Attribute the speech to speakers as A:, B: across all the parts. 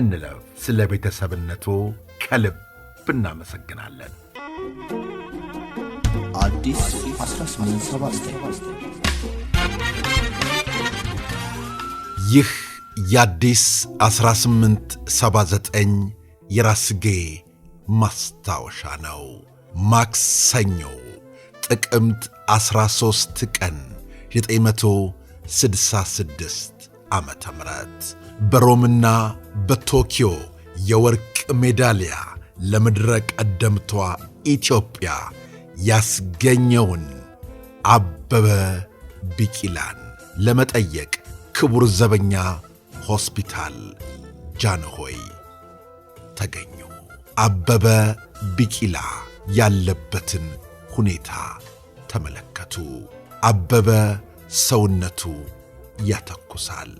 A: እንለፍ። ስለ ቤተሰብነቱ ከልብ እናመሰግናለን። ይህ የአዲስ 1879 የራስጌ ማስታወሻ ነው። ማክሰኞ ጥቅምት 13 ቀን 966 ዓመተ ምህረት በሮምና በቶኪዮ የወርቅ ሜዳሊያ ለምድረ ቀደምቷ ኢትዮጵያ ያስገኘውን አበበ ቢቂላን ለመጠየቅ ክቡር ዘበኛ ሆስፒታል ጃንሆይ ተገኙ። አበበ ቢቂላ ያለበትን ሁኔታ ተመለከቱ። አበበ ሰውነቱ ያተኩሳል።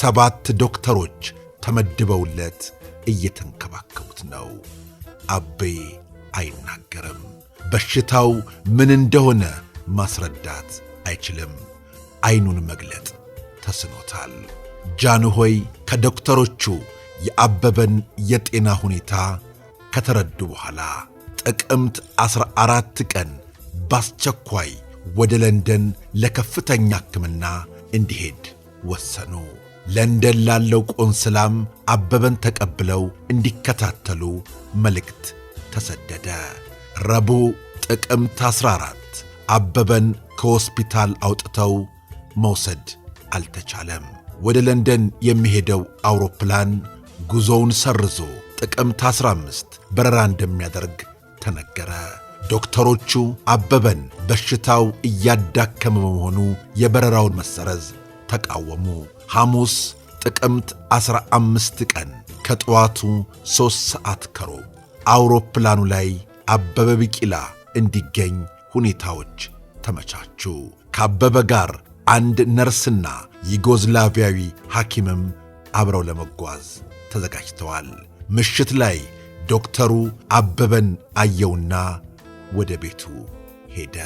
A: ሰባት ዶክተሮች ተመድበውለት እየተንከባከቡት ነው። አቤ አይናገርም። በሽታው ምን እንደሆነ ማስረዳት አይችልም። አይኑን መግለጥ ተስኖታል። ጃንሆይ ከዶክተሮቹ የአበበን የጤና ሁኔታ ከተረዱ በኋላ ጥቅምት 14 ቀን በአስቸኳይ ወደ ለንደን ለከፍተኛ ሕክምና እንዲሄድ ወሰኑ። ለንደን ላለው ቆንስላም አበበን ተቀብለው እንዲከታተሉ መልእክት ተሰደደ። ረቡዕ ጥቅምት 14 አበበን ከሆስፒታል አውጥተው መውሰድ አልተቻለም። ወደ ለንደን የሚሄደው አውሮፕላን ጉዞውን ሰርዞ ጥቅምት 15 በረራ እንደሚያደርግ ተነገረ። ዶክተሮቹ አበበን በሽታው እያዳከመ በመሆኑ የበረራውን መሰረዝ ተቃወሙ። ሐሙስ ጥቅምት 15 ቀን ከጠዋቱ 3 ሰዓት ከሮ አውሮፕላኑ ላይ አበበ ቢቂላ እንዲገኝ ሁኔታዎች ተመቻቹ። ከአበበ ጋር አንድ ነርስና ዩጎዝላቪያዊ ሐኪምም አብረው ለመጓዝ ተዘጋጅተዋል። ምሽት ላይ ዶክተሩ አበበን አየውና ወደ ቤቱ ሄደ።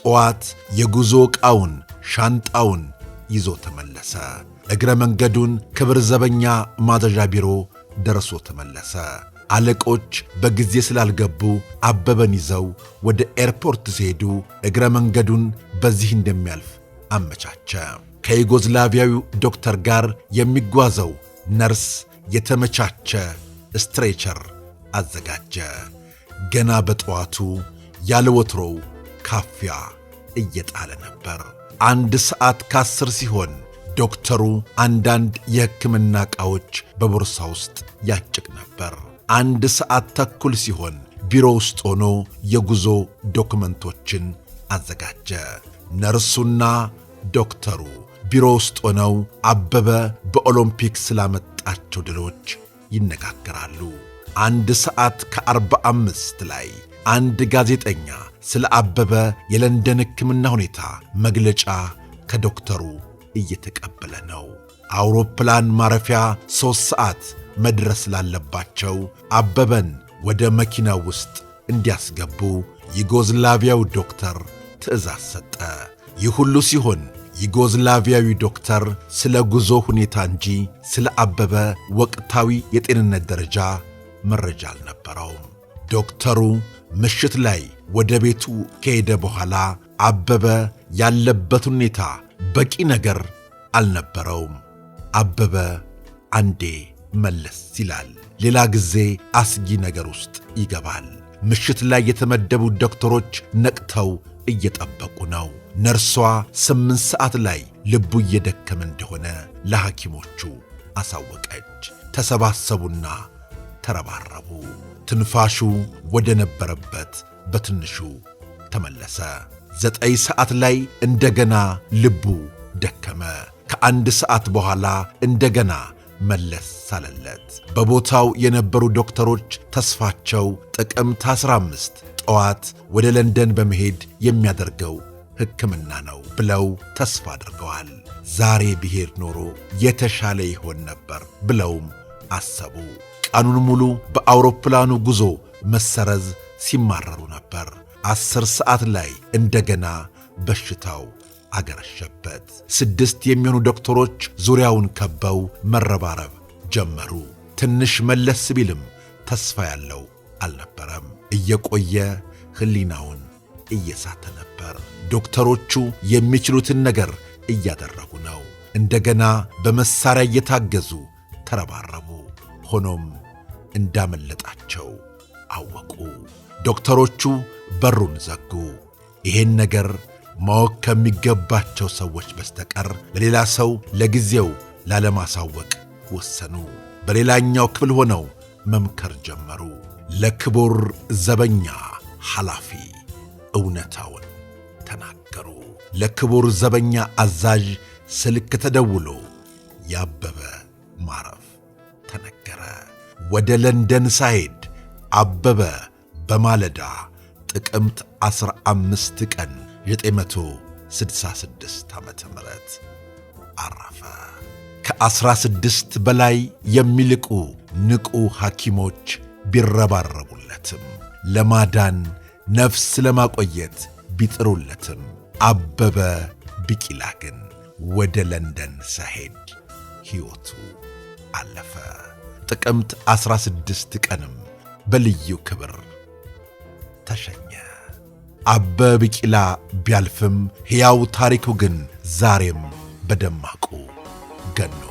A: ጠዋት የጉዞ ዕቃውን ሻንጣውን ይዞ ተመለሰ። እግረ መንገዱን ክብር ዘበኛ ማዘዣ ቢሮ ደርሶ ተመለሰ። አለቆች በጊዜ ስላልገቡ አበበን ይዘው ወደ ኤርፖርት ሲሄዱ እግረ መንገዱን በዚህ እንደሚያልፍ አመቻቸ። ከዩጎዝላቪያዊ ዶክተር ጋር የሚጓዘው ነርስ የተመቻቸ ስትሬቸር አዘጋጀ። ገና በጠዋቱ ያለ ወትሮው ካፊያ እየጣለ ነበር። አንድ ሰዓት ከአስር ሲሆን ዶክተሩ አንዳንድ የሕክምና ዕቃዎች በቦርሳ ውስጥ ያጭቅ ነበር። አንድ ሰዓት ተኩል ሲሆን ቢሮ ውስጥ ሆኖ የጉዞ ዶክመንቶችን አዘጋጀ። ነርሱና ዶክተሩ ቢሮ ውስጥ ሆነው አበበ በኦሎምፒክ ስላመጣቸው ድሎች ይነጋገራሉ። አንድ ሰዓት ከአርባ አምስት ላይ አንድ ጋዜጠኛ ስለ አበበ የለንደን ሕክምና ሁኔታ መግለጫ ከዶክተሩ እየተቀበለ ነው። አውሮፕላን ማረፊያ ሦስት ሰዓት መድረስ ላለባቸው አበበን ወደ መኪና ውስጥ እንዲያስገቡ ዩጎዝላቪያዊ ዶክተር ትዕዛዝ ሰጠ። ይህ ሁሉ ሲሆን ዩጎዝላቪያዊ ዶክተር ስለ ጉዞ ሁኔታ እንጂ ስለ አበበ ወቅታዊ የጤንነት ደረጃ መረጃ አልነበረውም። ዶክተሩ ምሽት ላይ ወደ ቤቱ ከሄደ በኋላ አበበ ያለበት ሁኔታ በቂ ነገር አልነበረውም። አበበ አንዴ መለስ ይላል፣ ሌላ ጊዜ አስጊ ነገር ውስጥ ይገባል። ምሽት ላይ የተመደቡ ዶክተሮች ነቅተው እየጠበቁ ነው። ነርሷ ስምንት ሰዓት ላይ ልቡ እየደከመ እንደሆነ ለሐኪሞቹ አሳወቀች። ተሰባሰቡና ተረባረቡ። ትንፋሹ ወደ ነበረበት በትንሹ ተመለሰ። ዘጠኝ ሰዓት ላይ እንደገና ልቡ ደከመ። ከአንድ ሰዓት በኋላ እንደገና መለስ ሳለለት። በቦታው የነበሩ ዶክተሮች ተስፋቸው ጥቅምት 15 ጠዋት ወደ ለንደን በመሄድ የሚያደርገው ሕክምና ነው ብለው ተስፋ አድርገዋል። ዛሬ ብሄድ ኖሮ የተሻለ ይሆን ነበር ብለውም አሰቡ። ቀኑን ሙሉ በአውሮፕላኑ ጉዞ መሰረዝ ሲማረሩ ነበር። ዐሥር ሰዓት ላይ እንደገና በሽታው አገረሸበት። ስድስት የሚሆኑ ዶክተሮች ዙሪያውን ከበው መረባረብ ጀመሩ። ትንሽ መለስ ቢልም ተስፋ ያለው አልነበረም። እየቆየ ሕሊናውን እየሳተ ነበር። ዶክተሮቹ የሚችሉትን ነገር እያደረጉ ነው። እንደገና በመሳሪያ እየታገዙ ተረባረቡ። ሆኖም እንዳመለጣቸው አወቁ። ዶክተሮቹ በሩን ዘጉ። ይሄን ነገር ማወቅ ከሚገባቸው ሰዎች በስተቀር ለሌላ ሰው ለጊዜው ላለማሳወቅ ወሰኑ። በሌላኛው ክፍል ሆነው መምከር ጀመሩ። ለክቡር ዘበኛ ኃላፊ እውነታውን ተናገሩ። ለክቡር ዘበኛ አዛዥ ስልክ ተደውሎ ያበበ ማረፍ ተነገረ። ወደ ለንደን ሳይድ አበበ በማለዳ ጥቅምት 15 ቀን 966 ዓ ም አረፈ። ከ16 በላይ የሚልቁ ንቁ ሐኪሞች ቢረባረቡለትም ለማዳን ነፍስ ለማቆየት ቢጥሩለትም አበበ ቢቂላ ግን ወደ ለንደን ሳሄድ ሕይወቱ አለፈ። ጥቅምት 16 ቀንም በልዩ ክብር ተሸኘ። አበበ ቢቂላ ቢያልፍም ሕያው ታሪኩ ግን ዛሬም በደማቁ ገኖ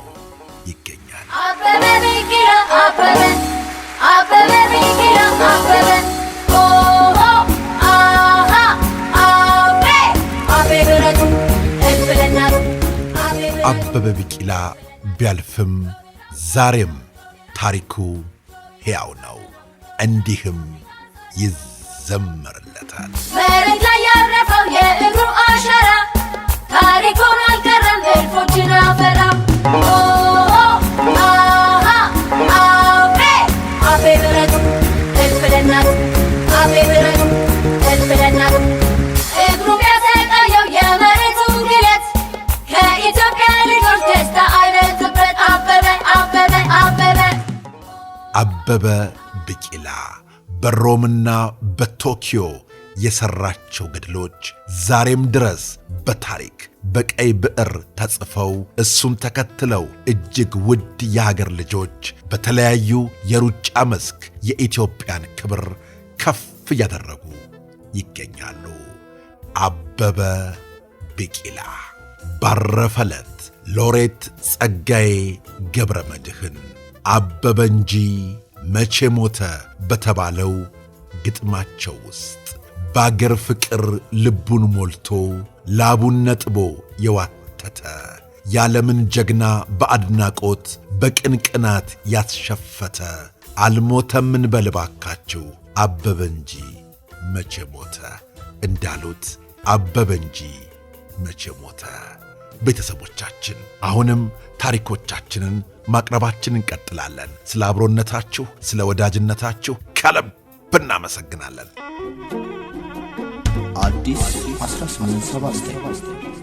A: ይገኛል።
B: አበበ ቢቂላ አበበ አበበ ቢቂላ አበበ
A: አበበ ቢቂላ ቢያልፍም ዛሬም ታሪኩ ሕያው ነው፣ እንዲህም ይዘመርለታል።
B: መሬት ላይ ያረፈው
A: አበበ ቢቂላ በሮምና በቶኪዮ የሰራቸው ገድሎች ዛሬም ድረስ በታሪክ በቀይ ብዕር ተጽፈው እሱን ተከትለው እጅግ ውድ የሀገር ልጆች በተለያዩ የሩጫ መስክ የኢትዮጵያን ክብር ከፍ እያደረጉ ይገኛሉ። አበበ ቢቂላ ባረፈለት ሎሬት ጸጋዬ ገብረ መድኅን አበበ እንጂ መቼ ሞተ በተባለው ግጥማቸው ውስጥ በአገር ፍቅር ልቡን ሞልቶ ላቡን ነጥቦ የዋተተ የዓለምን ጀግና በአድናቆት በቅን ቅናት ያስሸፈተ አልሞተም በልባካችው አበበ እንጂ መቼ ሞተ እንዳሉት አበበ እንጂ መቼ ሞተ ቤተሰቦቻችን አሁንም ታሪኮቻችንን ማቅረባችን እንቀጥላለን። ስለ አብሮነታችሁ፣ ስለ ወዳጅነታችሁ ከልብ እናመሰግናለን። አዲስ 1879